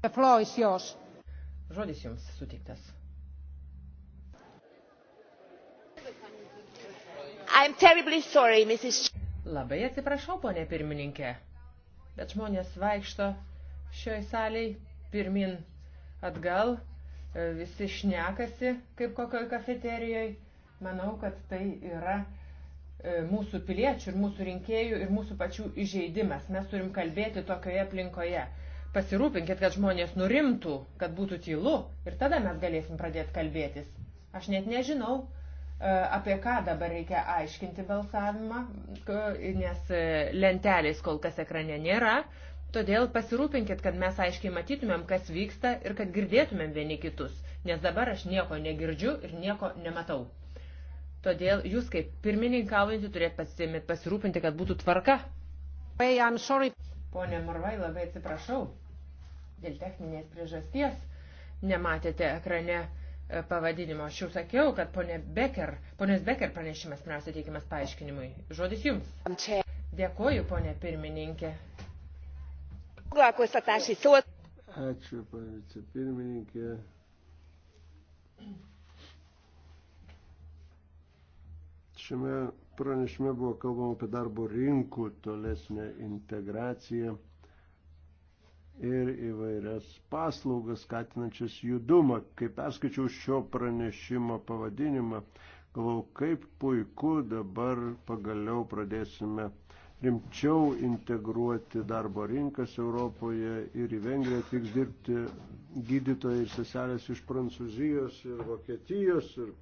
The floor is yours. Žodis jums suteiktas. I'm terribly sorry, Mrs. Labai atsiprašau, ponė pirmininkė, bet žmonės vaikšto šioj salėj pirmin atgal, e, visi šnekasi kaip kokioj kafeterijoje. Manau, kad tai yra e, mūsų piliečių ir mūsų rinkėjų ir mūsų pačių įžeidimas. Mes turim kalbėti tokioje aplinkoje. Pasirūpinkit, kad žmonės nurimtų, kad būtų tylu ir tada mes galėsim pradėti kalbėtis. Aš net nežinau, e, apie ką dabar reikia aiškinti balsavimą, nes e, lentelės kol kas ekrane nėra. Todėl pasirūpinkit, kad mes aiškiai matytumėm, kas vyksta ir kad girdėtumėm vieni kitus, nes dabar aš nieko negirdžiu ir nieko nematau. Todėl jūs kaip pirmininkaujantį turėt pasirūpinti, kad būtų tvarka. Pone Morvai, labai atsiprašau, dėl techninės priežasties nematėte ekrane e, pavadinimo. Aš jau sakiau, kad ponė Becker, ponės Becker pranešimas pirmiausia teikiamas paaiškinimui. Žodis jums. Dėkoju, ponė pirmininkė. Ačiū, ponė pirmininkė. Šiame Pranešime buvo kalbama apie darbo rinkų tolesnę integraciją ir įvairias paslaugas skatinančias judumą. Kai perskaičiau šio pranešimo pavadinimą, galvau, kaip puiku dabar pagaliau pradėsime rimčiau integruoti darbo rinkas Europoje ir į Vengriją atvyks dirbti gydytojai ir seselės iš Prancūzijos ir Vokietijos ir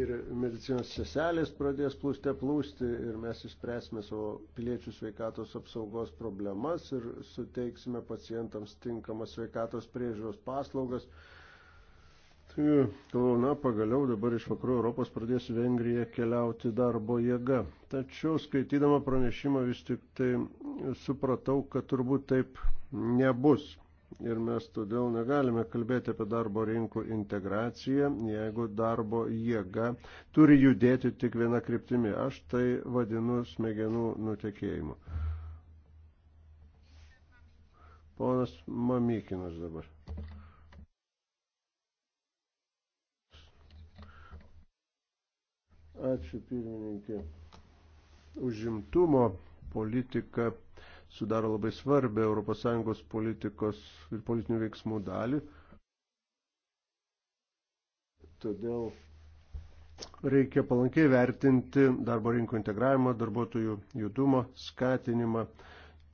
ir medicinos seselės pradės plūste plūsti ir mes išspręsime savo piliečių sveikatos apsaugos problemas ir suteiksime pacientams tinkamas sveikatos priežiūros paslaugas. Tai, galvau, na, pagaliau dabar iš vakarų Europos pradės Vengrija keliauti darbo jėga. Tačiau skaitydama pranešimą vis tik tai supratau, kad turbūt taip nebus ir mes todėl negalime kalbėti apie darbo rinkų integraciją, jeigu darbo jėga turi judėti tik viena kryptimi. Aš tai vadinu smegenų nutekėjimu. Ponas Mamykinas dabar. Ačiū pirmininkė. Užimtumo politika sudaro labai svarbę ES politikos ir politinių veiksmų dalį. Todėl reikia palankiai vertinti darbo rinkų integravimą, darbuotojų judumo skatinimą.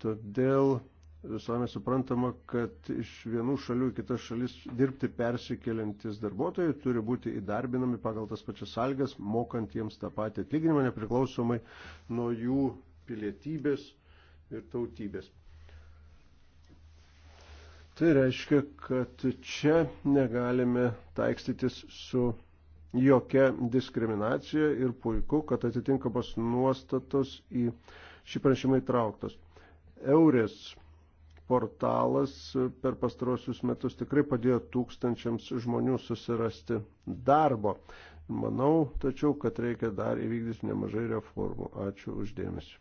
Todėl visame suprantama, kad iš vienų šalių į kitas šalis dirbti persikeliantis darbuotojai turi būti įdarbinami pagal tas pačias sąlygas, mokant jiems tą patį atlyginimą, nepriklausomai nuo jų pilietybės ir tautybės. Tai reiškia, kad čia negalime taikstytis su jokia diskriminacija ir puiku, kad atitinkamos nuostatos į šį pranešimą įtrauktos. Eurės portalas per pastarosius metus tikrai padėjo tūkstančiams žmonių susirasti darbo. Manau, tačiau, kad reikia dar įvykdyti nemažai reformų. Ačiū uždėmesi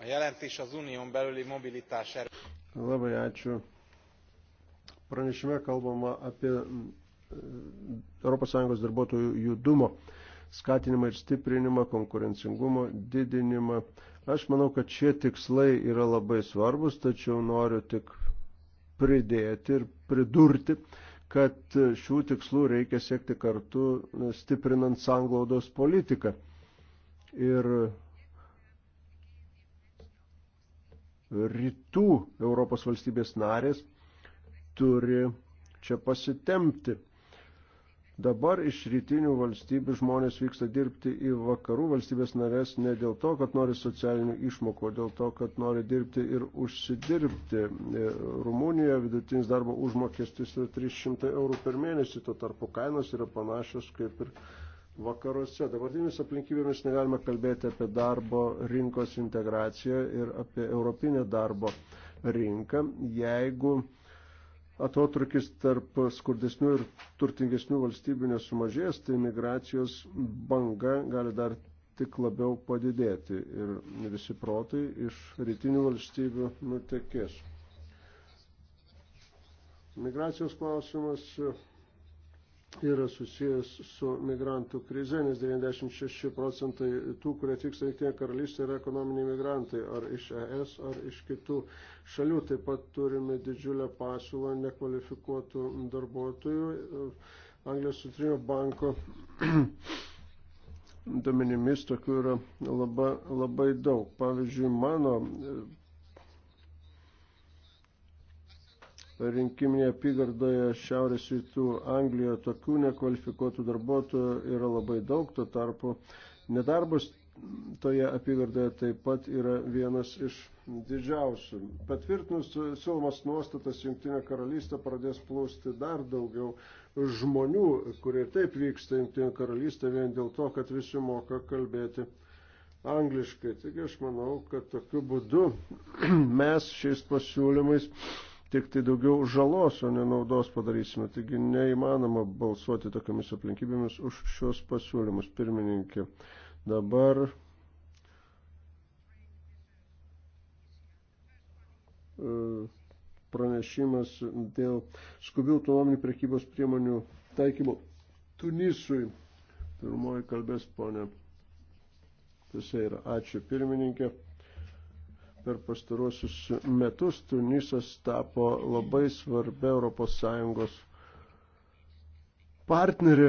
a jelentés az unión belüli mobilitás Labai ačiū. Pranešime kalbama apie ES darbuotojų judumo skatinimą ir stiprinimą, konkurencingumo didinimą. Aš manau, kad šie tikslai yra labai svarbus, tačiau noriu tik pridėti ir pridurti, kad šių tikslų reikia siekti kartu stiprinant sanglaudos politiką. Ir rytų Europos valstybės narės turi čia pasitemti. Dabar iš rytinių valstybių žmonės vyksta dirbti į vakarų valstybės narės ne dėl to, kad nori socialinių išmokų, o dėl to, kad nori dirbti ir užsidirbti. E, Rumunijoje vidutinis darbo užmokestis yra 300 eurų per mėnesį, tuo tarpu kainos yra panašios kaip ir vakaruose. Dabartinis aplinkybėmis negalima kalbėti apie darbo rinkos integraciją ir apie europinę darbo rinką, jeigu atotrukis tarp skurdesnių ir turtingesnių valstybių nesumažės, tai migracijos banga gali dar tik labiau padidėti ir visi protai iš rytinių valstybių nutekės. Migracijos klausimas yra susijęs su migrantų krize, nes 96 procentai tų, kurie atvyksta į Jungtinę karalystę, yra ekonominiai migrantai, ar iš ES, ar iš kitų šalių. Taip pat turime didžiulę pasiūlą nekvalifikuotų darbuotojų. Anglijos sutrinio banko duomenimis tokių yra labai, labai daug. Pavyzdžiui, mano rinkiminėje apygardoje Šiaurės rytų Anglijoje tokių nekvalifikuotų darbuotojų yra labai daug, tuo tarpu nedarbas toje apygardoje taip pat yra vienas iš didžiausių. Patvirtinus siūlomas nuostatas, Junktinė karalystė pradės plūsti dar daugiau žmonių, kurie taip vyksta Junktinė karalystė vien dėl to, kad visi moka kalbėti angliškai. Taigi aš manau, kad tokiu būdu mes šiais pasiūlymais tik tai daugiau žalos, o ne naudos padarysime. Taigi neįmanoma balsuoti tokiamis aplinkybėmis už šios pasiūlymus, pirmininkė. Dabar e, pranešimas dėl skubių autonominių prekybos priemonių taikymo Tunisui. Pirmoji kalbės ponė. Visai yra. Ačiū pirmininkė per pastaruosius metus Tunisas tapo labai svarbia ES partnerė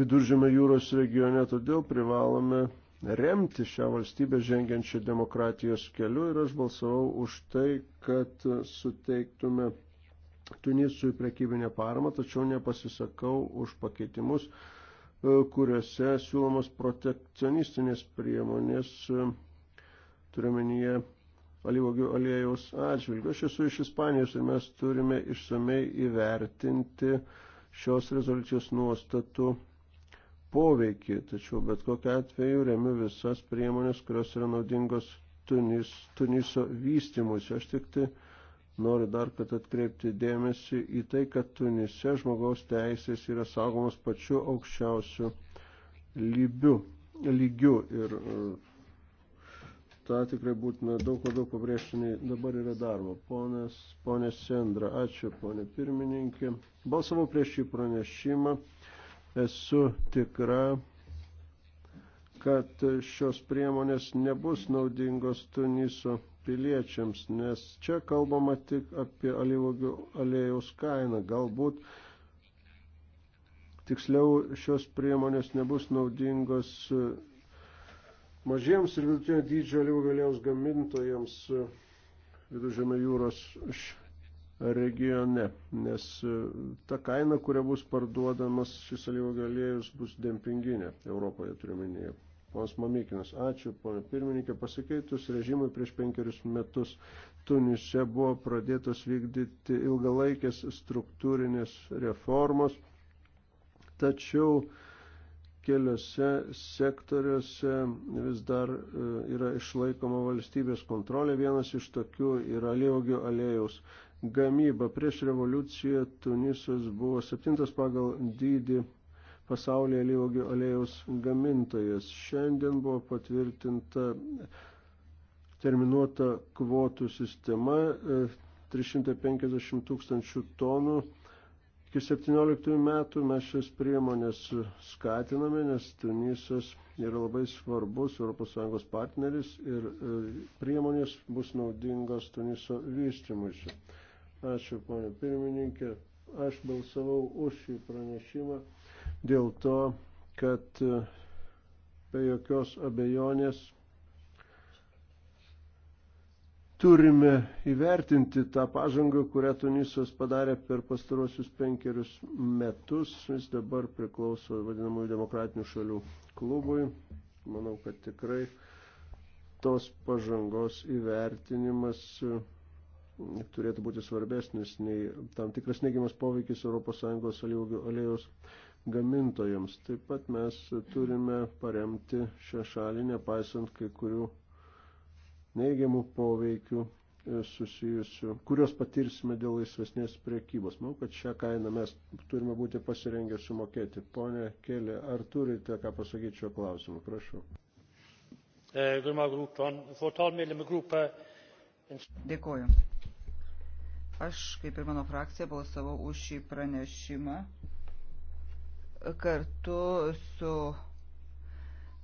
viduržėme jūros regione, todėl privalome remti šią valstybę žengiančią demokratijos keliu ir aš balsavau už tai, kad suteiktume Tunisui prekybinę paramą, tačiau nepasisakau už pakeitimus, e, kuriuose siūlomos protekcionistinės priemonės, e, turiuomenyje alyvogių aliejaus atžvilgiu. Aš esu iš Ispanijos ir mes turime išsamei įvertinti šios rezoliucijos nuostatų poveikį, tačiau bet kokiu atveju remiu visas priemonės, kurios yra naudingos Tunis, Tuniso vystimus. Aš tik tai noriu dar kad atkreipti dėmesį į tai, kad Tunise žmogaus teisės yra saugomos pačiu aukščiausiu lybiu, lygiu ir uh, tą tikrai būtina daug labiau pabrėžti, nei dabar yra darbo. Ponas, ponė Sendra, ačiū, ponė pirmininkė. Balsavau prieš šį pranešimą. Esu tikra, kad šios priemonės nebus naudingos Tuniso piliečiams, nes čia kalbama tik apie alyvogių aliejaus kainą. Galbūt tiksliau šios priemonės nebus naudingos mažiems ir vidutinio dydžio alyvų galėjams gamintojams e, viduržėme jūros regione, nes e, ta kaina, kuria bus parduodamas šis alyvo galėjus, bus dempinginė Europoje, turiuomenėje. Ponas Mamykinas, ačiū, ponė pirmininkė, pasikeitus režimui prieš penkerius metus Tunise buvo pradėtos vykdyti ilgalaikės struktūrinės reformos, tačiau keliose sektoriuose vis dar e, yra išlaikoma valstybės kontrolė. Vienas iš tokių yra aliogių alėjaus gamyba. Prieš revoliuciją Tunisas buvo septintas pagal dydį pasaulyje aliogių alėjaus gamintojas. Šiandien buvo patvirtinta terminuota kvotų sistema 350 e, tūkstančių tonų Iki 17 metų mes šias priemonės skatiname, nes Tunisas yra labai svarbus ES partneris ir e, priemonės bus naudingos Tuniso vystymuisi. Ačiū, ponė pirmininkė. Aš balsavau už šį pranešimą dėl to, kad e, be jokios abejonės turime įvertinti tą pažangą, kurią Tunisas padarė per pastarosius penkerius metus. Jis dabar priklauso vadinamųjų demokratinių šalių klubui. Manau, kad tikrai tos pažangos įvertinimas e, turėtų būti svarbesnis nei tam tikras neigiamas poveikis ES aliejos gamintojams. Taip pat mes turime paremti šią šalį, nepaisant kai kurių neigiamų poveikių e, susijusių, kurios patirsime dėl laisvesnės priekybos. Manau, kad šią kainą mes turime būti pasirengę sumokėti. Pone Kėlė, ar turite ką pasakyti šiuo klausimu? Prašau. E, Dėkoju. Aš, kaip ir mano frakcija, balsavau už šį pranešimą kartu su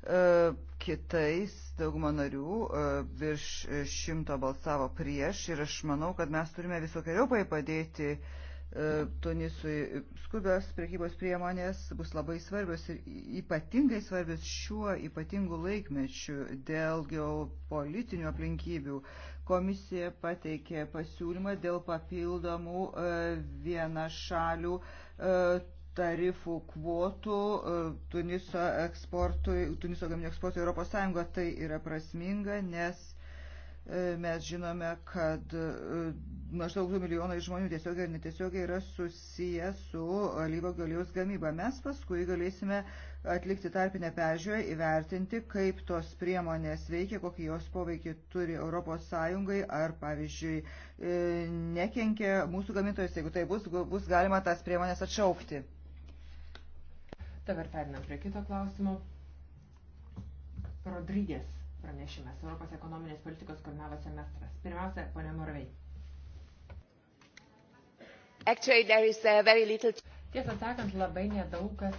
E, kitais daugumo narių e, virš šimto balsavo prieš ir aš manau, kad mes turime visokiojopai padėti e, Tunisui. Skubios prekybos priemonės bus labai svarbios ir ypatingai svarbios šiuo ypatingu laikmečiu dėl geopolitinių aplinkybių. Komisija pateikė pasiūlymą dėl papildomų vienašalių tarifų kvotų e, Tuniso, eksportui, Tuniso gaminio eksportui Europos Sąjungo. Tai yra prasminga, nes e, mes žinome, kad e, maždaug 2 milijonai žmonių tiesiogiai ir netiesiogiai yra susiję su alyvogio aliejaus gamyba. Mes paskui galėsime atlikti tarpinę peržiūrą, įvertinti, kaip tos priemonės veikia, kokį jos poveikį turi ES, ar, pavyzdžiui, nekenkia mūsų gamintojus. Jeigu tai bus, bus galima tas priemonės atšaukti. Dabar perinam prie kito klausimo. Rodrygės pranešimas Europos ekonominės politikos koordinavo semestras. Pirmiausia, ponė Morvei. Actually, there is uh, very little... Tiesą sakant, labai nedaug kas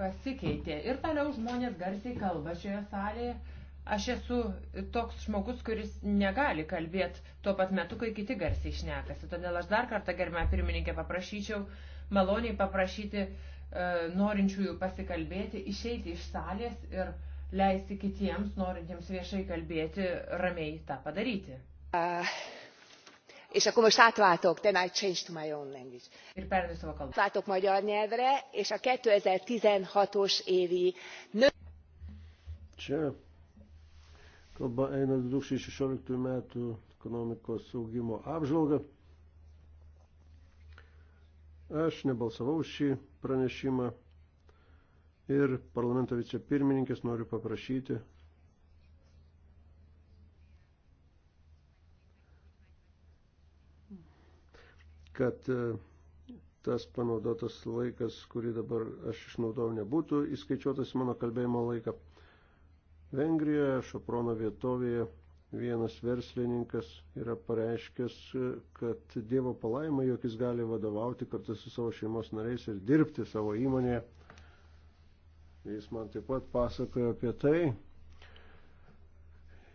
pasikeitė. Ir toliau žmonės garsiai kalba šioje salėje. Aš esu toks žmogus, kuris negali kalbėti tuo pat metu, kai kiti garsiai šnekasi. Todėl aš dar kartą, gerbę pirmininkę, paprašyčiau maloniai paprašyti uh, E, norinčiųjų pasikalbėti, išeiti iš salės ir leisti kitiems, norintiems viešai kalbėti, ramiai tą padaryti. Uh. És akkor most átváltok, then I change to my own language. Átváltok magyar nyelvre, és a 2016-os évi nő... Čia kalba eina 2016 metų ekonomikos saugimo apžvalgą. Aš nebalsavau šį pranešimą ir parlamento vicepirmininkės noriu paprašyti kad e, tas panaudotas laikas, kurį dabar aš išnaudojau, nebūtų įskaičiuotas mano kalbėjimo laiką. Vengrijoje, Šaprono vietovėje Vienas verslininkas yra pareiškęs, kad Dievo palaima, jog jis gali vadovauti kartu su savo šeimos nariais ir dirbti savo įmonėje. Jis man taip pat pasakojo apie tai,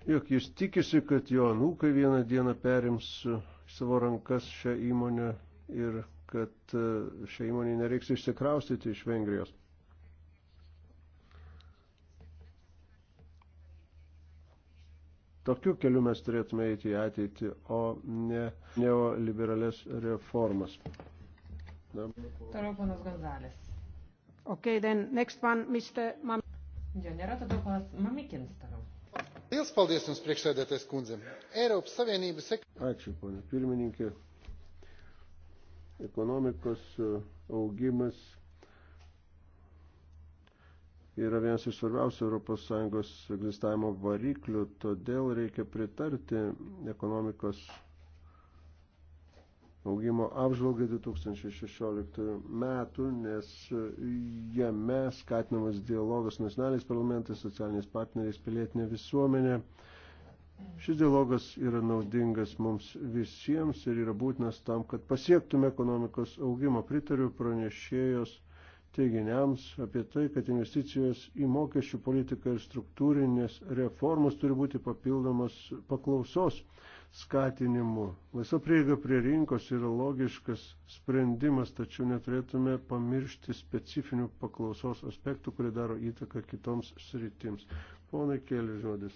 jog jis tikisi, kad jo anūkai vieną dieną perims savo rankas šią įmonę ir kad e, šią įmonę nereiks išsikraustyti iš Vengrijos. Tokiu keliu mes turėtume eiti į ateitį, o ne neoliberales reformas. Toliau panas Gonzalės. Okay, then next one, Mr. Mam... Jo nėra, tada panas Mamikins toliau. Liels paldies Jums priekšsēdētais kundzem. Eiropas Savienības... Ačiū, ponė pirmininkė. Ekonomikos e, augimas yra vienas iš svarbiausių ES egzistavimo variklių, todėl reikia pritarti ekonomikos augimo apžvalgai 2016 metų, nes jame skatinamas dialogas nacionaliniais parlamentais, socialiniais partneriais, pilietinė visuomenė. Šis dialogas yra naudingas mums visiems ir yra būtinas tam, kad pasiektume ekonomikos augimo. Pritariu pranešėjos teiginiams apie tai, kad investicijos į mokesčių politiką ir struktūrinės reformas turi būti papildomas paklausos skatinimu. Laisva prieiga prie rinkos yra logiškas sprendimas, tačiau neturėtume pamiršti specifinių paklausos aspektų, kurie daro įtaką kitoms sritims. Ponai Kėlė žodis.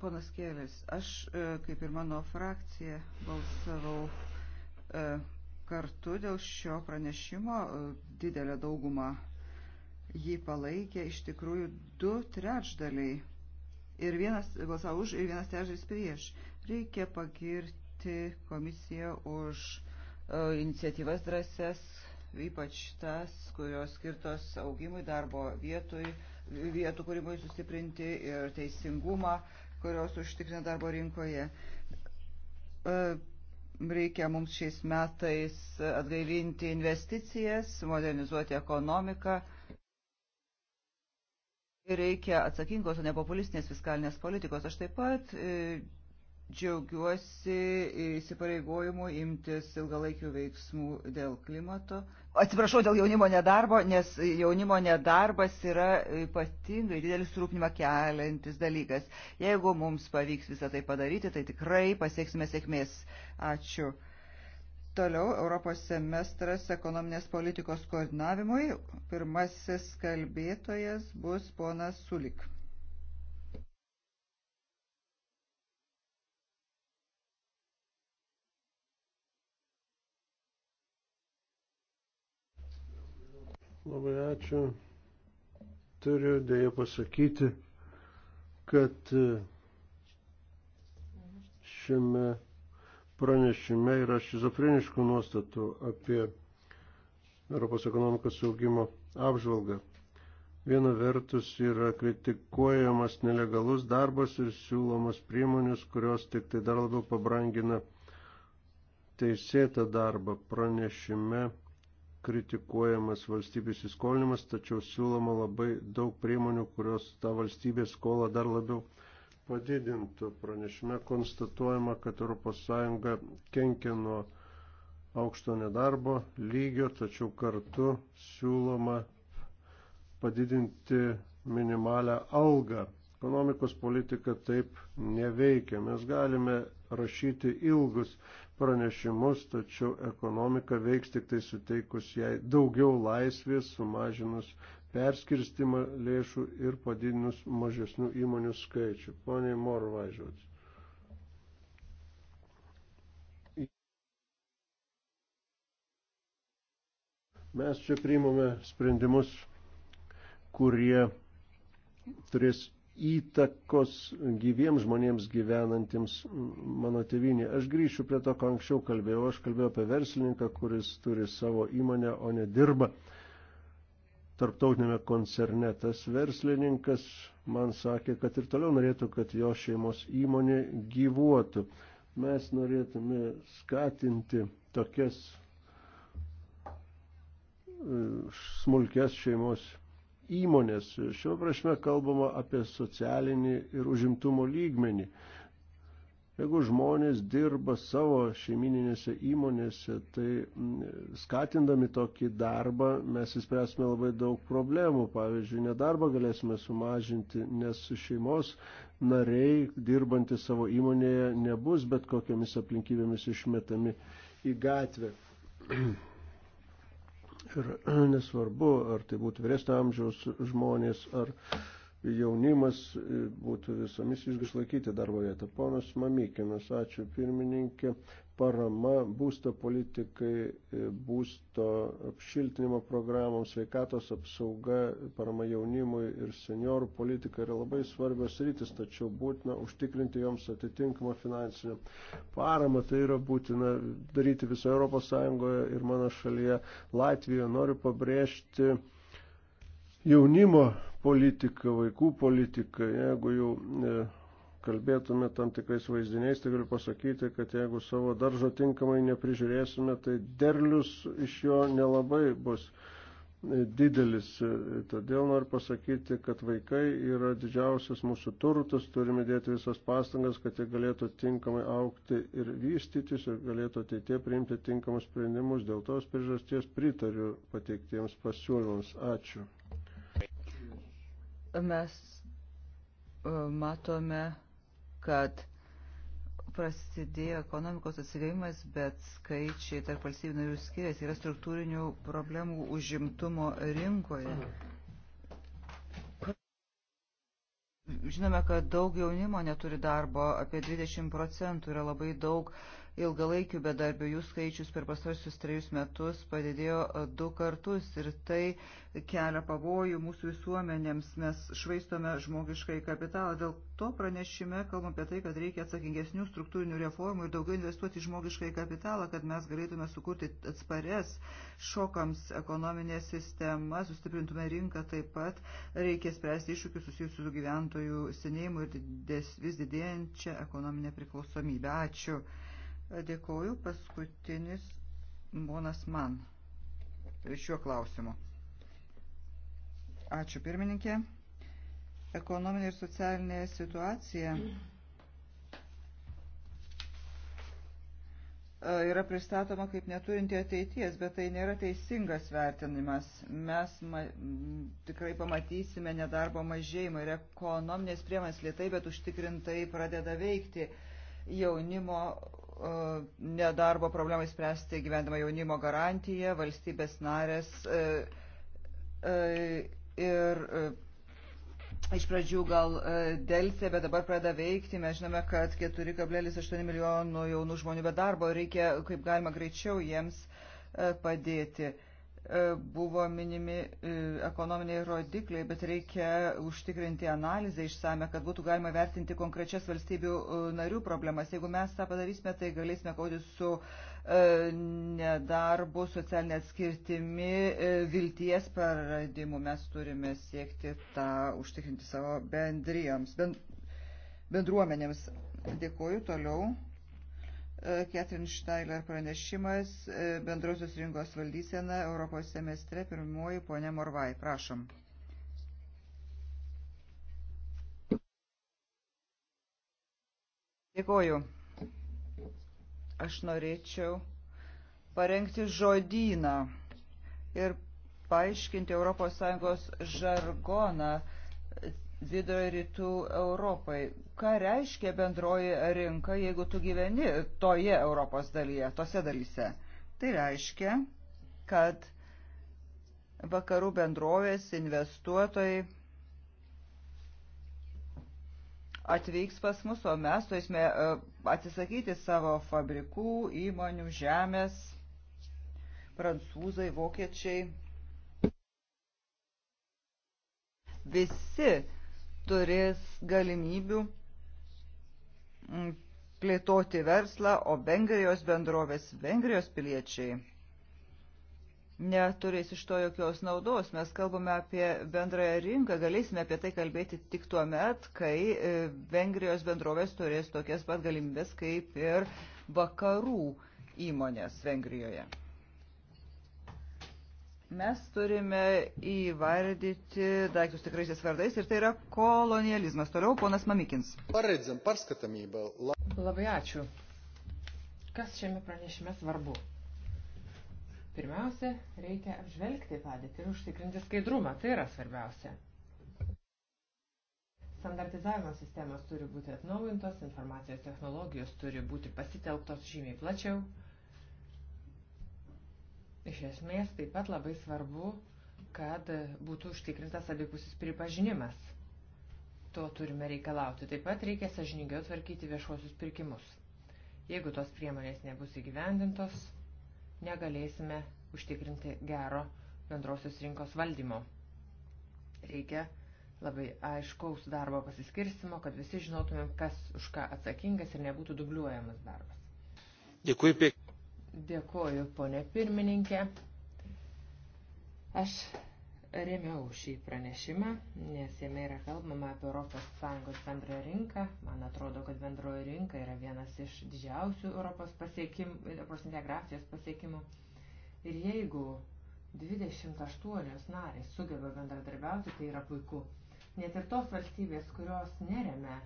Ponas Kėlis, aš e, kaip ir mano frakcija balsavau e, kartu dėl šio pranešimo e, didelę daugumą jį palaikė iš tikrųjų du trečdaliai. Ir vienas balsavo už, ir vienas trečdalis prieš. Reikia pagirti komisiją už uh, iniciatyvas drąsias, ypač tas, kurios skirtos augimui darbo vietui, vietų kūrimui sustiprinti ir teisingumą, kurios užtikrina darbo rinkoje. Uh, Reikia mums šiais metais atgaivinti investicijas, modernizuoti ekonomiką. Reikia atsakingos, o ne populistinės fiskalinės politikos. Aš taip pat e, Džiaugiuosi įsipareigojimu imtis ilgalaikių veiksmų dėl klimato. Atsiprašau dėl jaunimo nedarbo, nes jaunimo nedarbas yra ypatingai didelis rūpnimą keliantis dalykas. Jeigu mums pavyks visą tai padaryti, tai tikrai pasieksime sėkmės. Ačiū. Toliau Europos semestras ekonominės politikos koordinavimui. Pirmasis kalbėtojas bus ponas Sulik. Labai ačiū. Turiu dėja pasakyti, kad e, šiame pranešime yra šizofreniškų nuostatų apie Europos ekonomikos saugimo apžvalgą. Viena vertus yra kritikuojamas nelegalus darbas ir siūlomas priemonės, kurios tik tai dar labiau pabrangina teisėtą darbą pranešime kritikuojamas valstybės įskolinimas, tačiau siūloma labai daug priemonių, kurios tą valstybės skolą dar labiau padidintų. Pranešime konstatuojama, kad ES kenkia nuo aukšto nedarbo lygio, tačiau kartu siūloma padidinti minimalę algą. Ekonomikos politika taip neveikia. Mes galime rašyti ilgus pranešimus, tačiau ekonomika veiks tik tai suteikus jai daugiau laisvės, sumažinus perskirstimą lėšų ir padidinus mažesnių įmonių skaičių. Poniai Morvai žodis. Mes čia priimame sprendimus, kurie turės įtakos gyviems žmonėms gyvenantiems mano tėvynė. Aš grįšiu prie to, ko anksčiau kalbėjau. Aš kalbėjau apie verslininką, kuris turi savo įmonę, o ne dirba tarptautinėme koncerne. Tas verslininkas man sakė, kad ir toliau norėtų, kad jo šeimos įmonė gyvuotų. Mes norėtume skatinti tokias e, smulkės šeimos įmonės. Šiuo prašme kalbama apie socialinį ir užimtumo lygmenį. Jeigu žmonės dirba savo šeimininėse įmonėse, tai skatindami tokį darbą mes įspręsime labai daug problemų. Pavyzdžiui, nedarbą galėsime sumažinti, nes šeimos nariai dirbantys savo įmonėje nebus bet kokiamis aplinkybėmis išmetami į gatvę. Ir e, nesvarbu, ar tai būtų vyresnio amžiaus žmonės, ar jaunimas, e, būtų visomis išgislaikyti darbo vietą. Ponas Mamykinas, ačiū pirmininkė parama būsto politikai, e, būsto apšiltinimo programoms, sveikatos apsauga, parama jaunimui ir seniorų politika yra labai svarbios rytis, tačiau būtina užtikrinti joms atitinkamą finansinę paramą. Tai yra būtina daryti visoje Europos Sąjungoje ir mano šalyje Latvijoje. Noriu pabrėžti jaunimo politiką, vaikų politiką. Jeigu jau e, kalbėtume tam tikrais vaizdiniais, tai galiu pasakyti, kad jeigu savo daržo tinkamai neprižiūrėsime, tai derlius iš jo nelabai bus didelis. Todėl noriu pasakyti, kad vaikai yra didžiausias mūsų turtas, turime dėti visas pastangas, kad jie galėtų tinkamai aukti ir vystytis ir galėtų ateitie priimti tinkamus sprendimus. Dėl tos priežasties pritariu pateiktiems pasiūlymams. Ačiū. Mes e, matome kad prasidėjo ekonomikos atsigavimas, bet skaičiai tarp valstybių narių skiriasi, yra struktūrinių problemų užimtumo rinkoje. Žinome, kad daug jaunimo neturi darbo, apie 20 procentų yra labai daug ilgalaikių bedarbių. Jų skaičius per pastarsius trejus metus padidėjo du kartus ir tai kelia pavojų mūsų visuomenėms. Mes švaistome žmogiškai kapitalą. Dėl to pranešime kalbam apie tai, kad reikia atsakingesnių struktūrinių reformų ir daugiau investuoti į žmogiškai kapitalą, kad mes galėtume sukurti atsparias šokams ekonominę sistemą, sustiprintume rinką taip pat. Reikia spręsti iššūkius susijusius su gyventojų senėjimu ir didės, vis didėjančia ekonominė priklausomybė. Ačiū. Dėkoju. Paskutinis bonas man šiuo klausimu. Ačiū pirmininkė. Ekonominė ir socialinė situacija e, yra pristatoma kaip neturinti ateities, bet tai nėra teisingas vertinimas. Mes ma tikrai pamatysime nedarbo mažėjimą ir ekonominės priemonės lietai, bet užtikrintai pradeda veikti jaunimo E, nedarbo problemai spręsti gyvendama jaunimo garantiją, valstybės narės e, e, ir iš pradžių gal dėlsė, bet dabar pradeda veikti. Mes žinome, kad 4,8 milijonų jaunų žmonių be darbo reikia kaip galima greičiau jiems padėti. E, buvo minimi e, ekonominiai rodikliai, bet reikia užtikrinti analizę išsame, kad būtų galima vertinti konkrečias valstybių e, narių problemas. Jeigu mes tą padarysime, tai galėsime kautis su nedarbu, socialinė atskirtimi, vilties praradimu. Mes turime siekti tą užtikrinti savo bendrijoms, bend, bendruomenėms. Dėkuoju toliau. Ketrin Štailer pranešimas, e, bendrosios rinkos valdysena, Europos semestre, pirmoji ponė Morvai. Prašom. Dėkoju. Aš norėčiau parengti žodyną ir paaiškinti ES žargoną vidurio rytų Europai. Ką reiškia bendroji rinka, jeigu tu gyveni toje Europos dalyje, tose dalyse? Tai reiškia, kad vakarų bendrovės investuotojai atvyks pas mus, o mes turėsime e, atsisakyti savo fabrikų, įmonių, žemės, prancūzai, vokiečiai. Visi turės galimybių mm, plėtoti verslą, o Vengrijos bendrovės, Vengrijos piliečiai neturės iš to jokios naudos. Mes kalbame apie bendrąją rinką, galėsime apie tai kalbėti tik tuo met, kai e, Vengrijos bendrovės turės tokias pat galimybės kaip ir vakarų įmonės Vengrijoje. Mes turime įvardyti daiktus tikraisiais vardais ir tai yra kolonializmas. Toliau ponas Mamikins. Labai ačiū. Kas šiame pranešime svarbu? Pirmiausia, reikia apžvelgti padėtį ir užtikrinti skaidrumą. Tai yra svarbiausia. Standartizavimo sistemos turi būti atnaujintos, informacijos technologijos turi būti pasitelktos žymiai plačiau Iš esmės taip pat labai svarbu, kad būtų užtikrintas abipusis pripažinimas. To turime reikalauti. Taip pat reikia sažiningiau tvarkyti viešuosius pirkimus. Jeigu tos priemonės nebus įgyvendintos, negalėsime užtikrinti gero bendrosios rinkos valdymo. Reikia labai aiškaus darbo pasiskirstimo, kad visi žinotumėm, kas už ką atsakingas ir nebūtų dubliuojamas darbas. Dėkui, pėk. Dėkoju, ponė pirmininkė. Aš remiau šį pranešimą, nes jame yra kalbama apie ES bendrąją rinką. Man atrodo, kad bendroji rinka yra vienas iš didžiausių Europos, pasiekimų, Europos integracijos pasiekimų. Ir jeigu 28 narės sugeba bendradarbiauti, tai yra puiku. Net ir tos valstybės, kurios neremia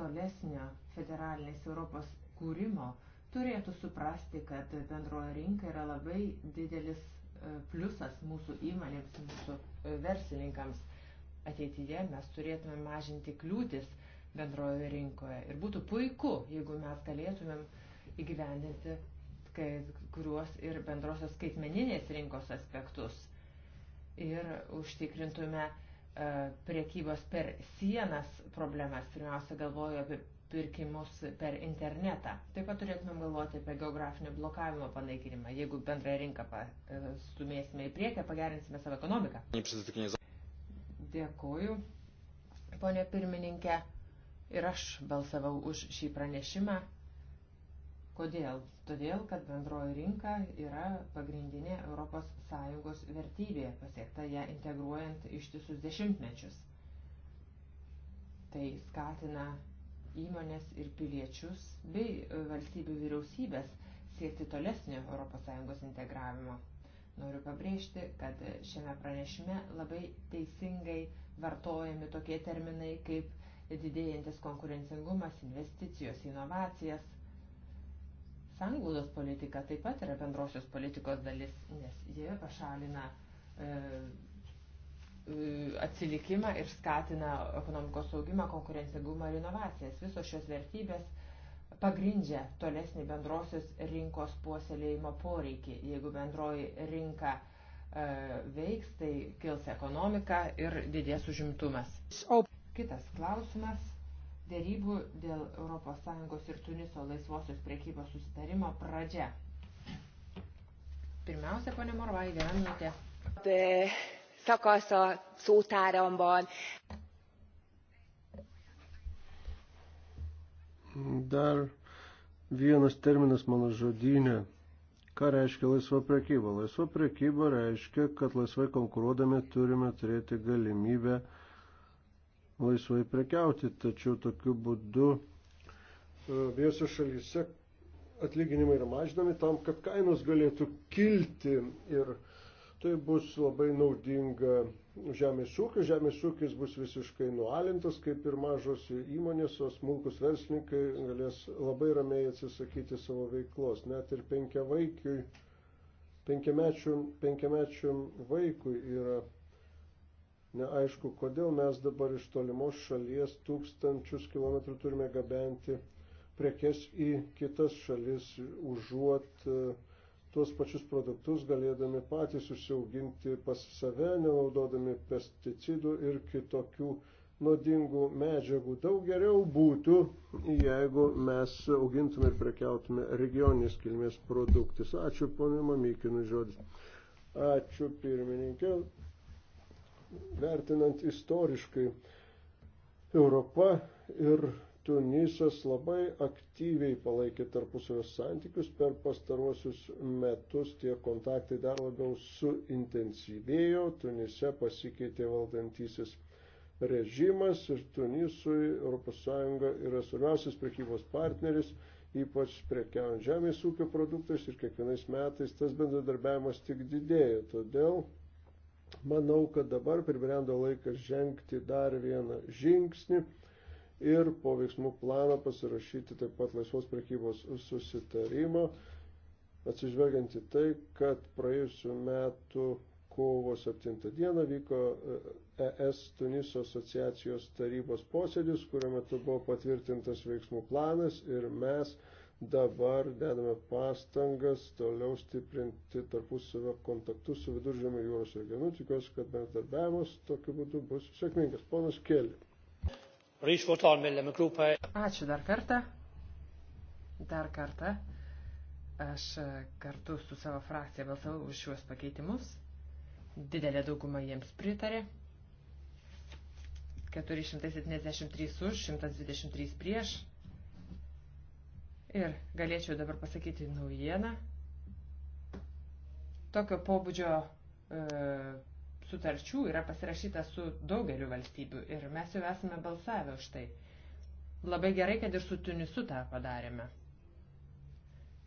tolesnio federalinės Europos kūrimo turėtų suprasti, kad bendroji rinka yra labai didelis e, pliusas mūsų įmonėms, mūsų e, verslininkams. Ateityje mes turėtume mažinti kliūtis bendrojoje rinkoje. Ir būtų puiku, jeigu mes galėtumėm įgyvendinti kai kuriuos ir bendrosios skaitmeninės rinkos aspektus. Ir užtikrintume e, priekybos per sienas problemas. Pirmiausia, galvoju apie pirkimus per internetą. Taip pat turėtumėm galvoti apie geografinio blokavimo panaikinimą. Jeigu bendrą rinką stumėsime į priekį, pagerinsime savo ekonomiką. Dėkuoju, ponė pirmininkė. Ir aš balsavau už šį pranešimą. Kodėl? Todėl, kad bendroji rinka yra pagrindinė ES vertybė, pasiekta ją integruojant ištisus dešimtmečius. Tai skatina įmonės ir piliečius bei e, valstybių vyriausybės siekti tolesnio ES integravimo. Noriu pabrėžti, kad šiame pranešime labai teisingai vartojami tokie terminai kaip didėjantis konkurencingumas, investicijos, inovacijas. Sanglaudos politika taip pat yra bendrosios politikos dalis, nes jie pašalina e, E, atsilikimą ir skatina ekonomikos saugimą, konkurencingumą ir inovacijas. Visos šios vertybės pagrindžia tolesnį bendrosios rinkos puoselėjimo poreikį. Jeigu bendroji rinka e, veiks, tai kils ekonomika ir didės užimtumas. Kitas klausimas. Dėrybų dėl ES ir Tuniso laisvosios priekybos susitarimo pradžia. Pirmiausia, ponė Morvai, vieną minutę szakasz a szótáramban. Dar vienas terminas mano žodynė. Ką reiškia laisva prekyba? Laisva prekyba reiškia, kad laisvai konkuruodami turime turėti galimybę laisvai prekiauti, tačiau tokiu būdu e, abiejose šalyse atlyginimai yra mažinami tam, kad kainos galėtų kilti ir Tai bus labai naudinga žemės ūkio. Žemės ūkis bus visiškai nualintas, kaip ir mažos įmonės, o smulkus verslininkai galės labai ramiai atsisakyti savo veiklos. Net ir penkiavaikiui, penkiamečiam, penkiamečiam vaikui yra Neaišku, kodėl mes dabar iš tolimos šalies tūkstančius kilometrų turime gabenti prekes į kitas šalis, užuot uh, tuos pačius produktus galėdami patys užsiauginti pas save, nenaudodami pesticidų ir kitokių nuodingų medžiagų. Daug geriau būtų, jeigu mes augintume ir prekiautume regioninės kilmės produktus. Ačiū ponui Mamykinui žodis. Ačiū pirmininkė. Vertinant istoriškai, Europa ir Tunisas labai aktyviai palaikė tarpusavio santykius per pastaruosius metus, tie kontaktai dar labiau suintensyvėjo, Tunise pasikeitė valdantysis režimas ir Tunisui ES yra svarbiausias prekybos partneris, ypač prekiaujant žemės ūkio produktais ir kiekvienais metais tas bendradarbiavimas tik didėja. Todėl manau, kad dabar pribrendo laikas žengti dar vieną žingsnį ir po veiksmų planą pasirašyti taip pat laisvos prekybos susitarimą, atsižvelgiant į tai, kad praėjusiu metu kovo 7 dieną vyko ES e Tuniso asociacijos tarybos posėdis, kuriuo metu buvo patvirtintas veiksmų planas ir mes dabar dedame pastangas toliau stiprinti tarpusavio kontaktus su viduržėmio jūros regionu. Tikiuosi, kad bendradarbiavimas tokiu būdu bus sėkmingas. Ponas Keli. Ačiū dar kartą. Dar kartą. Aš kartu su savo frakcija balsavau už šiuos pakeitimus. Didelė dauguma jiems pritarė. 473 už, 123 prieš. Ir galėčiau dabar pasakyti naujieną. Tokio pobūdžio e, sutarčių yra pasirašyta su daugeliu valstybių ir mes jau esame balsavę už tai. Labai gerai, kad ir su Tunisu tą padarėme.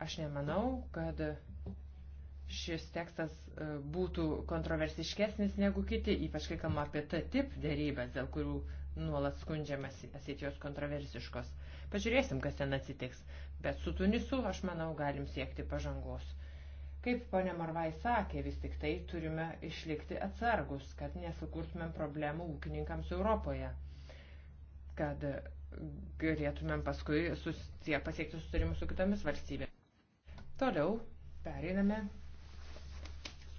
Aš nemanau, kad šis tekstas e, būtų kontroversiškesnis negu kiti, ypač kai kalbama apie T-tip dėrybas, dėl kurių nuolat skundžiamas asitijos kontroversiškos. Pažiūrėsim, kas ten atsitiks, bet su Tunisu, aš manau, galim siekti pažangos. Kaip ponė Marvai sakė, vis tik tai turime išlikti atsargus, kad nesukurtumėm problemų ūkininkams Europoje, kad galėtumėm paskui sus, pasiekti susitarimus su kitomis valstybėmis. Toliau pereiname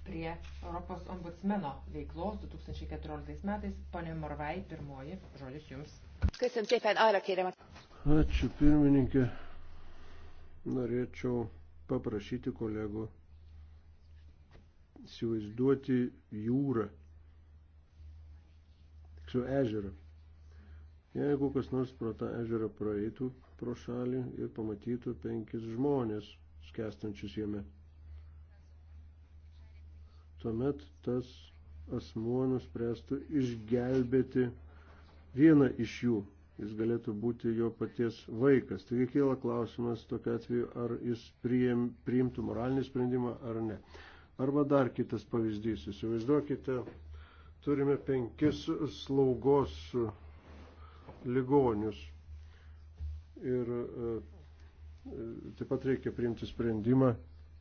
prie Europos ombudsmeno veiklos 2014 metais. Pone Morvai, pirmoji, žodis jums. Ačiū pirmininkė. Norėčiau paprašyti kolegų įsivaizduoti jūrą, tiksliau ežerą. Jeigu kas nors pro tą ežerą praeitų pro šalį ir pamatytų penkis žmonės skestančius jame, tuomet tas asmuo nuspręstų išgelbėti vieną iš jų. Jis galėtų būti jo paties vaikas. Taigi kyla klausimas tokia atveju, ar jis priim, priimtų moralinį sprendimą ar ne. Arba dar kitas pavyzdys. Įsivaizduokite, turime penkis slaugos ligonius. Ir e, taip pat reikia priimti sprendimą,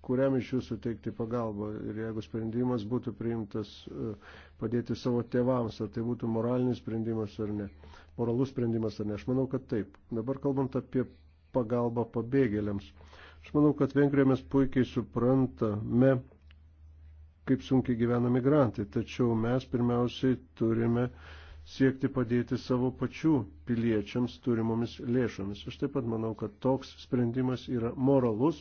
kuriam iš jų suteikti pagalbą. Ir jeigu sprendimas būtų priimtas e, padėti savo tėvams, ar tai būtų moralinis sprendimas ar ne, moralus sprendimas ar ne, aš manau, kad taip. Dabar kalbant apie pagalbą pabėgėliams. Aš manau, kad Vengrijoje mes puikiai suprantame, kaip sunkiai gyvena migrantai. Tačiau mes pirmiausiai turime siekti padėti savo pačių piliečiams turimomis lėšomis. Aš taip pat manau, kad toks sprendimas yra moralus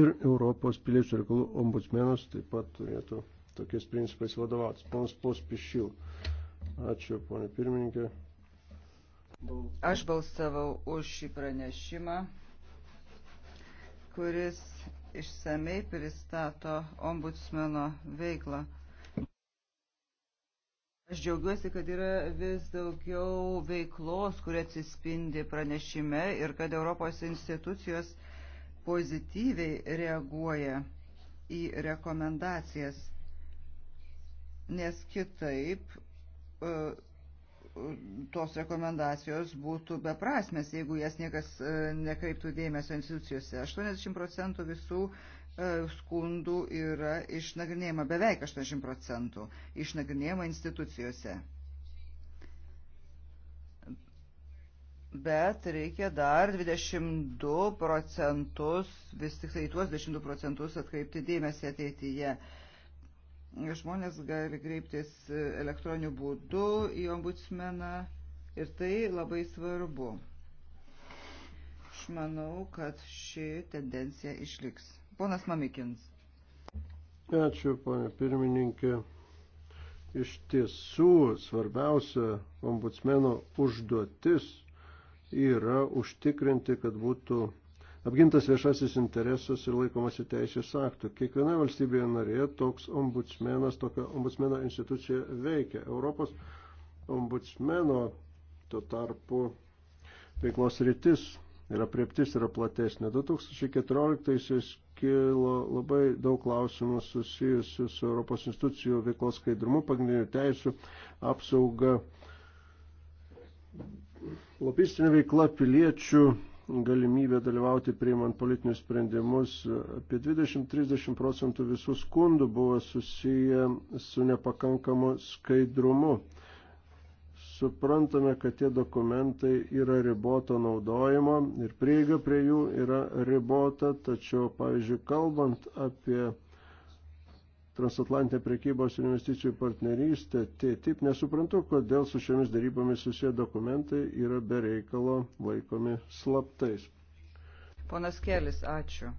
ir Europos piliečių reikalų ombudsmenas taip pat turėtų tokiais principais vadovautis. Ponas Pospišil. Ačiū, ponė pirmininkė. Aš balsavau už šį pranešimą, kuris išsamei pristato ombudsmeno veiklą. Aš džiaugiuosi, kad yra vis daugiau veiklos, kurie atsispindi pranešime ir kad Europos institucijos pozityviai reaguoja į rekomendacijas, nes kitaip uh, tos rekomendacijos būtų beprasmės, jeigu jas niekas e, nekreiptų dėmesio institucijose. 80 procentų visų e, skundų yra išnagrinėjama, beveik 80 procentų išnagrinėjama institucijose. bet reikia dar 22 procentus, vis tik tai tuos 22 procentus atkreipti dėmesį ateityje žmonės gali kreiptis elektroniniu būdu į ombudsmeną ir tai labai svarbu. Aš manau, kad ši tendencija išliks. Ponas Mamikins. Ačiū, ponė pirmininkė. Iš tiesų svarbiausia ombudsmeno užduotis yra užtikrinti, kad būtų apgintas viešasis interesas ir laikomasi teisės aktų. Kiekviena valstybėje narėje toks ombudsmenas, tokia ombudsmeno institucija veikia. Europos ombudsmeno tuo tarpu veiklos rytis ir apreptis yra platesnė. 2014-aisiais kilo labai daug klausimų susijusių su Europos institucijų veiklos skaidrumu, pagrindinių teisų apsauga, lobistinė veikla, piliečių galimybę dalyvauti priimant politinius sprendimus. Apie 20-30 procentų visų skundų buvo susiję su nepakankamu skaidrumu. Suprantame, kad tie dokumentai yra riboto naudojimo ir prieiga prie jų yra ribota, tačiau, pavyzdžiui, kalbant apie transatlantinę prekybos ir investicijų partnerystę, tai taip nesuprantu, kodėl su šiomis darybomis susiję dokumentai yra be reikalo laikomi slaptais. Ponas Kelis, ačiū.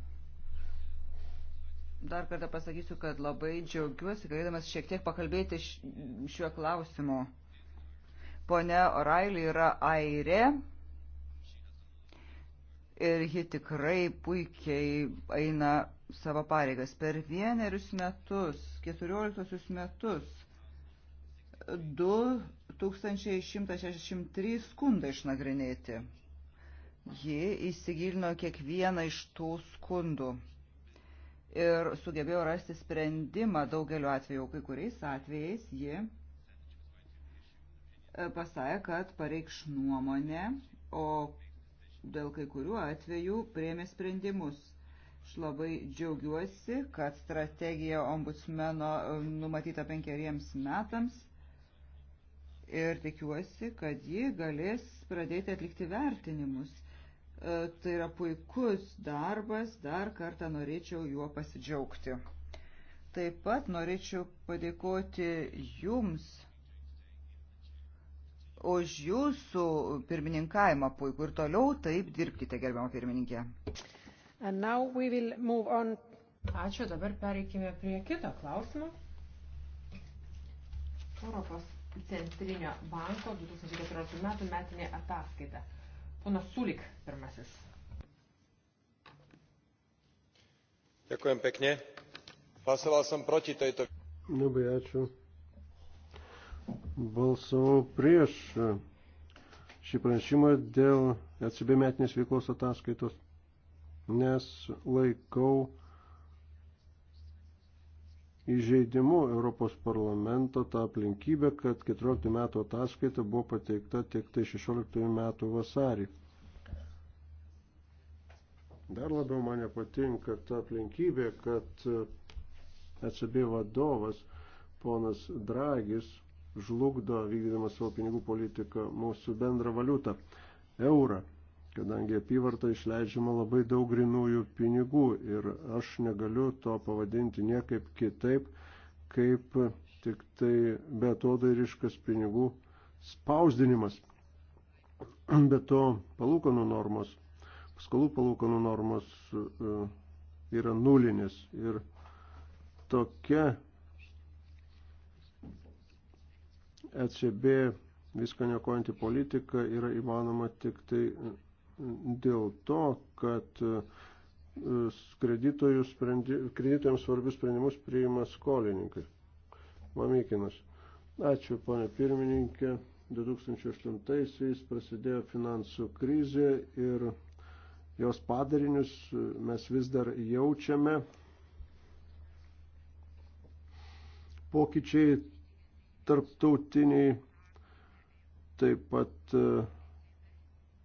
Dar kartą pasakysiu, kad labai džiaugiuosi, galėdamas šiek tiek pakalbėti šiuo klausimu. Pone Orailį yra airė, ir ji tikrai puikiai eina savo pareigas. Per vienerius metus, 14 metus, 2163 skundai išnagrinėti. Ji įsigilino kiekvieną iš tų skundų ir sugebėjo rasti sprendimą daugeliu atveju, kai kuriais atvejais ji e, pasakė, kad pareikš nuomonę, o dėl kai kurių atvejų priemė sprendimus. Aš labai džiaugiuosi, kad strategija ombudsmeno um, numatyta penkeriems metams ir tikiuosi, kad ji galės pradėti atlikti vertinimus. E, tai yra puikus darbas, dar kartą norėčiau juo pasidžiaugti. Taip pat norėčiau padėkoti jums už jūsų pirmininkavimą puikų ir toliau taip dirbkite, gerbiamą pirmininkę. Ačiū, dabar pereikime prie kito klausimo. Europos centrinio banko 2014 metų metinė ataskaita. Ponas Sulik pirmasis. Ďakujem pekne. Hlasoval som proti tejto... Labai ačiū. Balsavau prieš šį pranešimą dėl ECB metinės veiklos ataskaitos nes laikau įžeidimu Europos parlamento tą aplinkybę, kad 14 metų ataskaita buvo pateikta tik tai 16 metų vasarį. Dar labiau man nepatinka ta aplinkybė, kad ECB vadovas ponas Dragis žlugdo vykdama savo pinigų politiką mūsų bendrą valiutą eurą kadangi apyvarta išleidžiama labai daug grinųjų pinigų ir aš negaliu to pavadinti niekaip kitaip, kaip tik tai betodairiškas pinigų spausdinimas. Be to palūkanų normos, paskolų palūkanų normos e, yra nulinis ir tokia ECB visko nekojanti politika yra įmanoma tik tai dėl to, kad e, sprendi, kreditojams svarbius sprendimus priima skolininkai. Mamykinas. Ačiū, ponė pirmininkė. 2008-aisiais prasidėjo finansų krizė ir jos padarinius mes vis dar jaučiame. Pokyčiai tarptautiniai taip pat uh,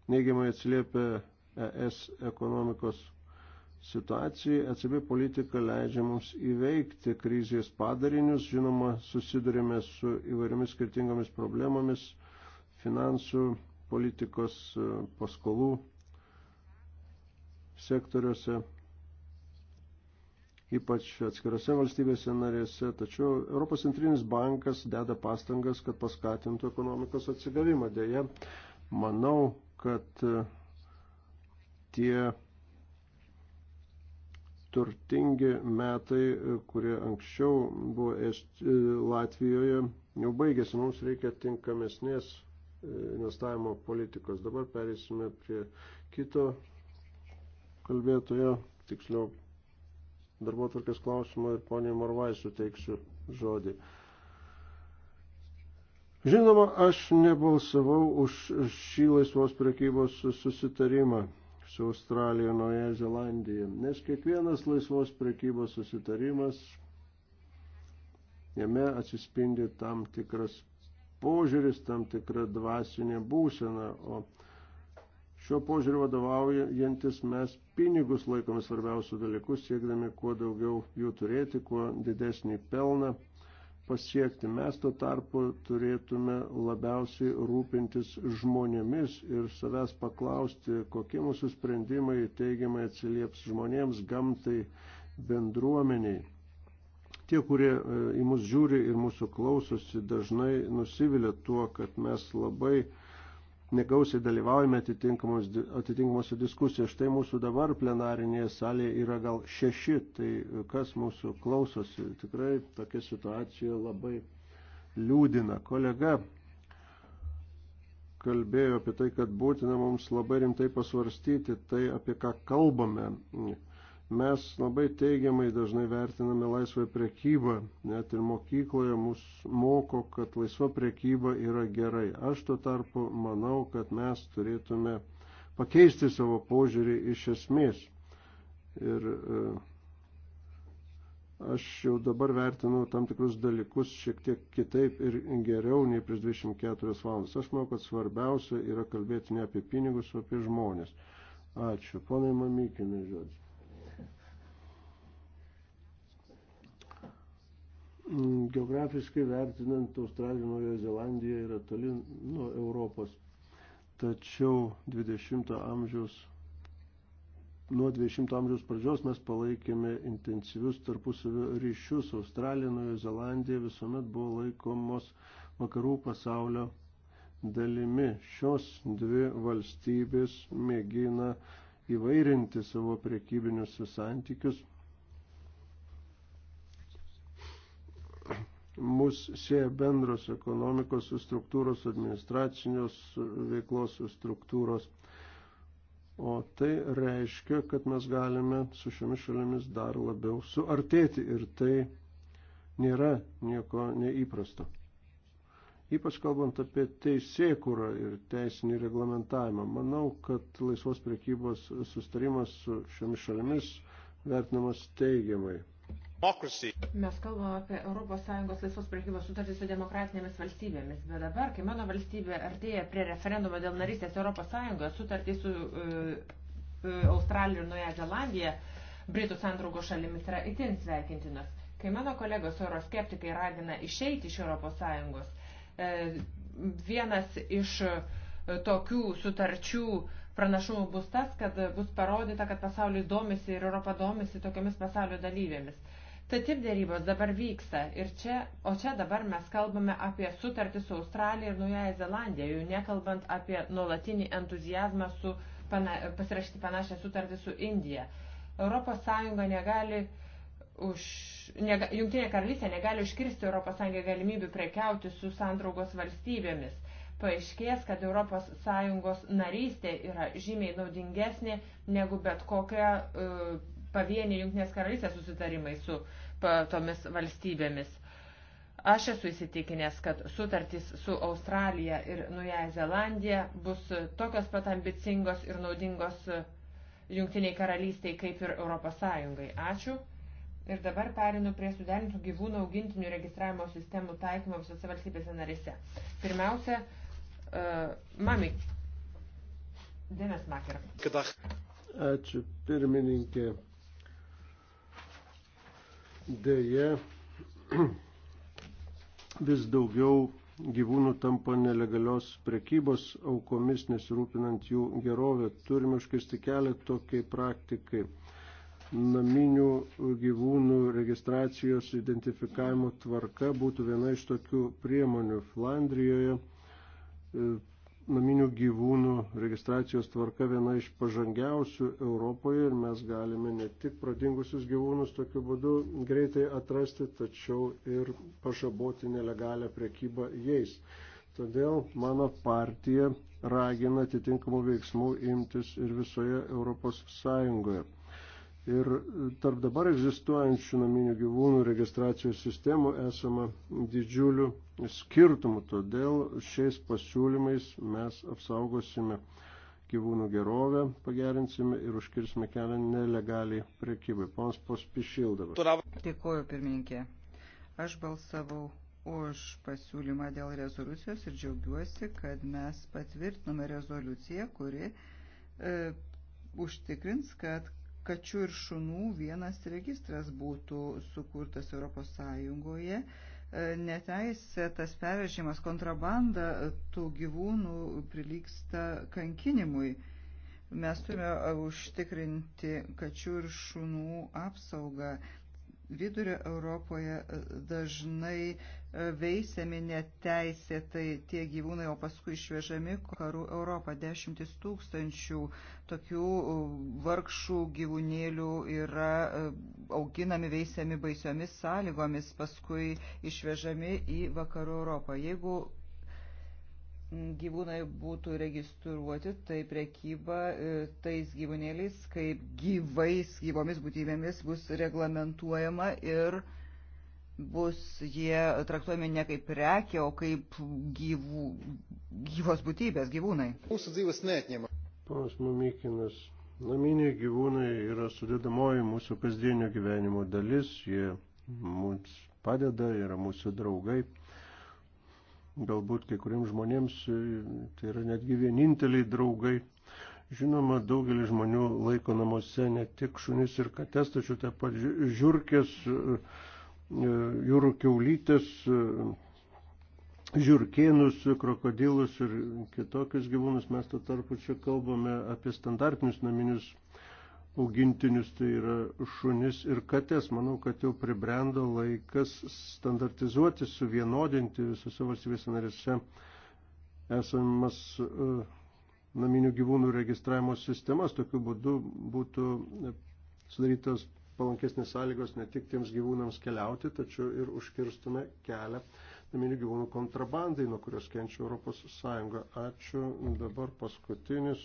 neigiamai atsiliepia ES ekonomikos situacijai. ECB politika leidžia mums įveikti krizės padarinius. Žinoma, susidurime su įvairiomis skirtingomis problemomis finansų politikos paskolų sektoriuose, ypač atskirose valstybėse narėse. Tačiau Europos centrinis bankas deda pastangas, kad paskatintų ekonomikos atsigavimą. Deja, manau, kad e, tie turtingi metai, e, kurie anksčiau buvo Est e, Latvijoje, jau baigėsi. Mums reikia tinkamesnės investavimo politikos. Dabar perėsime prie kito kalbėtojo, tiksliau darbo tvarkės klausimo ir poniai Morvai suteiksiu žodį. Žinoma, aš nebalsavau už šį laisvos prekybos susitarimą su Australija, Nauja Zelandija, nes kiekvienas laisvos prekybos susitarimas, jame atsispindi tam tikras požiūris, tam tikra dvasinė būsena, o Šiuo požiūriu vadovaujantis mes pinigus laikome svarbiausių dalykus, siekdami kuo daugiau jų turėti, kuo didesnį pelną pasiekti. Mes tuo tarpu turėtume labiausiai rūpintis žmonėmis ir savęs paklausti, kokie mūsų sprendimai teigiamai atsilieps žmonėms, gamtai, bendruomeniai. Tie, kurie e, į mus žiūri ir mūsų klausosi, dažnai nusivylė tuo, kad mes labai negausiai dalyvaujame atitinkamuose diskusijose. Štai mūsų dabar plenarinėje salėje yra gal šeši, tai kas mūsų klausosi. Tikrai tokia situacija labai liūdina. Kolega kalbėjo apie tai, kad būtina mums labai rimtai pasvarstyti tai, apie ką kalbame, Mes labai teigiamai dažnai vertiname laisvą prekybą, net ir mokykloje mus moko, kad laisva prekyba yra gerai. Aš tuo tarpu manau, kad mes turėtume pakeisti savo požiūrį iš esmės. Ir e, aš jau dabar vertinu tam tikrus dalykus šiek tiek kitaip ir geriau nei prieš 24 valandas. Aš manau, kad svarbiausia yra kalbėti ne apie pinigus, o apie žmonės. Ačiū. Ponai Mamykinai, žodžiu. Mm, geografiškai vertinant Australija, Naujoje Zelandija yra toli nuo Europos. Tačiau 20 amžiaus, nuo 20 amžiaus pradžios mes palaikėme intensyvius tarpusavio ryšius. Australija, Naujoje Zelandija visuomet buvo laikomos vakarų pasaulio dalimi. Šios dvi valstybės mėgina įvairinti savo prekybinius santykius mus sieja bendros ekonomikos struktūros, administracinios veiklos struktūros. O tai reiškia, kad mes galime su šiomis šalimis dar labiau suartėti ir tai nėra nieko neįprasto. Ypač kalbant apie teisėkurą ir teisinį reglamentavimą, manau, kad laisvos priekybos sustarimas su šiomis šalimis vertinamas teigiamai. Mes kalbame apie ES laisvos priekybos sutartį su demokratinėmis valstybėmis, bet dabar, kai mano valstybė artėja prie referendumo dėl narystės ES, sutartį su uh, uh, Australija ir Nuoja Zelandija, Britų sandraugos šalimis yra itin sveikintinas. Kai mano kolegos euroskeptikai ragina išeiti iš ES, e, vienas iš tokių sutarčių pranašumų bus tas, kad bus parodyta, kad pasaulis domisi ir Europa domisi tokiamis pasaulio dalyvėmis. Tai taip dėrybos dabar vyksta. Ir čia, o čia dabar mes kalbame apie sutartį su Australija ir Naujaja Zelandija, jau nekalbant apie nuolatinį entuzijazmą su, pana, pasirašyti panašią sutartį su Indija. Europos Sąjunga negali už, ne, Jungtinė karalystė negali užkirsti Europos Sąjungai galimybių prekiauti su sandraugos valstybėmis. Paaiškės, kad Europos Sąjungos narystė yra žymiai naudingesnė negu bet kokia uh, e, pavienė Jungtinės karalystės susitarimai su uh, tomis valstybėmis. Aš esu įsitikinęs, kad sutartys su Australija ir Nujaja Zelandija bus tokios pat ambicingos ir naudingos Junktiniai karalystiai kaip ir Europos Sąjungai. Ačiū. Ir dabar perinu prie suderintų gyvūnų augintinių registravimo sistemų taikymo visose valstybėse narėse. Pirmiausia, uh, mami. Dėmes makar. Ačiū, pirmininkė. Deja, vis daugiau gyvūnų tampa nelegalios prekybos aukomis, nesirūpinant jų gerovę. Turime užkirsti kelią tokiai praktikai. Naminių gyvūnų registracijos identifikavimo tvarka būtų viena iš tokių priemonių. Flandrijoje e, naminių gyvūnų registracijos tvarka viena iš pažangiausių Europoje ir mes galime ne tik pradingusius gyvūnus tokiu būdu greitai atrasti, tačiau ir pažaboti nelegalią prekybą jais. Todėl mano partija ragina atitinkamų veiksmų imtis ir visoje Europos Sąjungoje ir tarp dabar egzistuojančių naminių gyvūnų registracijos sistemų esama didžiulių skirtumų. Todėl šiais pasiūlymais mes apsaugosime gyvūnų gerovę, pagerinsime ir užkirsime kelią nelegaliai prekybai. Pons pospišildavas. Dėkuoju, pirmininkė. Aš balsavau už pasiūlymą dėl rezoliucijos ir džiaugiuosi, kad mes patvirtinome rezoliuciją, kuri e, užtikrins, kad kačių ir šunų vienas registras būtų sukurtas Europos Sąjungoje. E, neteisėtas pervežimas, kontrabanda tų gyvūnų prilyksta kankinimui. Mes turime užtikrinti kačių ir šunų apsaugą. Vidurio Europoje dažnai veisiami neteisėtai tie gyvūnai, o paskui išvežami karų Europą. Dešimtis tūkstančių tokių vargšų gyvūnėlių yra e, auginami, veisiami baisiomis sąlygomis, paskui išvežami į vakarų Europą. Jeigu gyvūnai būtų registruoti, tai prekyba e, tais gyvūnėliais kaip gyvais gyvomis būtybėmis bus reglamentuojama ir uh, bus jie traktuojami ne kaip prekė, o kaip gyvų, gyvos būtybės, gyvūnai. Mūsų gyvas netnėma. Ponas Mamikinas, naminiai gyvūnai yra sudėdamoji mūsų kasdienio gyvenimo dalis, jie mums padeda, yra mūsų draugai. Galbūt kai kuriems žmonėms e, tai yra netgi vieninteliai draugai. Žinoma, daugelis žmonių laiko namuose ne tik šunis ir kates, tačiau taip pat žiūrkės. Ži E, jūrų keulytės, e, žiūrkėnus, krokodilus ir kitokius gyvūnus. Mes to tarpu čia kalbame apie standartinius naminius augintinius, tai yra šunis ir kates. Manau, kad jau pribrendo laikas standartizuoti, suvienodinti visose valstybės narėse esamas e, naminių gyvūnų registravimo sistemas. Tokiu būdu būtų sudarytas palankesnės sąlygos ne tik tiems gyvūnams keliauti, tačiau ir užkirstume kelią naminių gyvūnų kontrabandai, nuo kurios kenčia Europos Sąjunga. Ačiū. Dabar paskutinis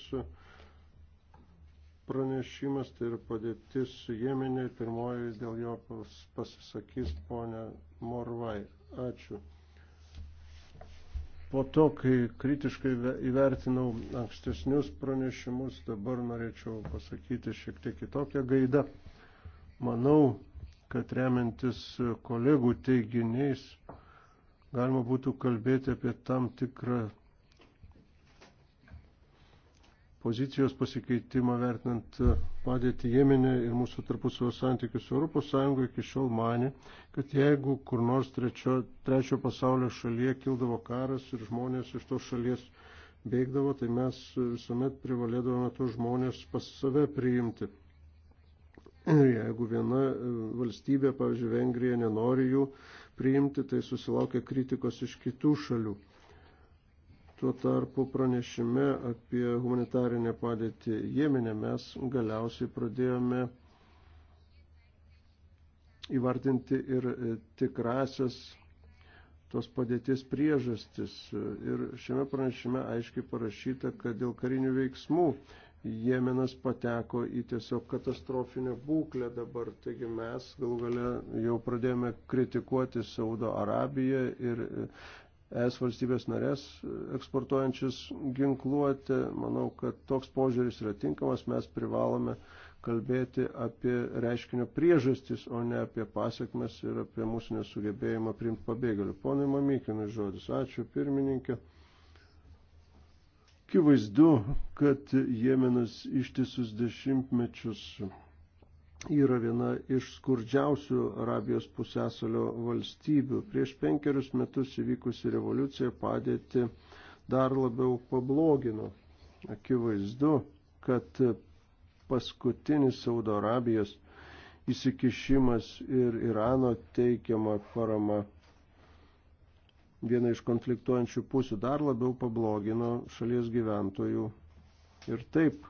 pranešimas, tai yra padėtis Jemenė, pirmoji dėl jo pasisakys ponia Morvai. Ačiū. Po to, kai kritiškai įvertinau ankstesnius pranešimus, dabar norėčiau pasakyti šiek tiek kitokią gaidą. Manau, kad remiantis kolegų teiginiais galima būtų kalbėti apie tam tikrą pozicijos pasikeitimą vertinant padėtį Jemenė ir mūsų tarpusavio santykius Europos Sąjungoje iki šiol manė, kad jeigu kur nors trečio, trečio pasaulio šalyje kildavo karas ir žmonės iš tos šalies bėgdavo, tai mes visuomet privalėdavome tos žmonės pas save priimti. Ir jeigu viena e, valstybė, pavyzdžiui, Vengrija, nenori jų priimti, tai susilaukia kritikos iš kitų šalių. Tuo tarpu pranešime apie humanitarinę padėtį Jemenė mes galiausiai pradėjome įvardinti ir e, tikrasias tos padėties priežastis. E, ir šiame pranešime aiškiai parašyta, kad dėl karinių veiksmų Jemenas pateko į tiesiog katastrofinę būklę dabar. Taigi mes gal gale jau pradėjome kritikuoti Saudo Arabiją ir es valstybės narės eksportuojančius ginkluotę. Manau, kad toks požiūris yra tinkamas. Mes privalome kalbėti apie reiškinio priežastis, o ne apie pasiekmes ir apie mūsų nesugebėjimą priimti pabėgėlių. Pone Mamykinai žodis. Ačiū pirmininkė. Akivaizdu, kad Jemenas ištisus dešimtmečius yra viena iš skurdžiausių Arabijos pusėsalio valstybių. Prieš penkerius metus įvykusi revoliucija padėti dar labiau pablogino. Akivaizdu, kad paskutinis Saudo Arabijos įsikišimas ir Irano teikiama parama vieną iš konfliktuojančių pusių dar labiau pablogino šalies gyventojų ir taip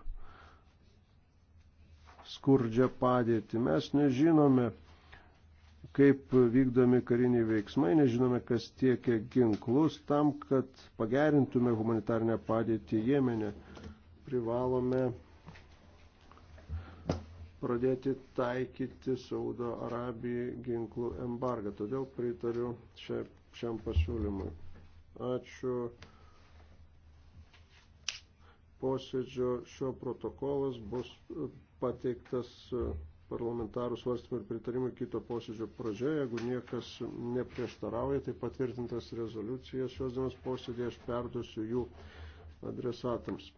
skurdžią padėtį. Mes nežinome, kaip vykdomi kariniai veiksmai, nežinome, kas tiekia ginklus tam, kad pagerintume humanitarnę padėtį Jemenė. Privalome pradėti taikyti Saudo Arabijai ginklų embargą. Todėl pritariu šiai šiam pasiūlymui. Ačiū. Posėdžio šio protokolas bus pateiktas parlamentarų svarstymų ir pritarimų kito posėdžio pradžioje. Jeigu niekas neprieštarauja, tai patvirtintas rezoliucijas šios dienos posėdėje aš perduosiu jų adresatams.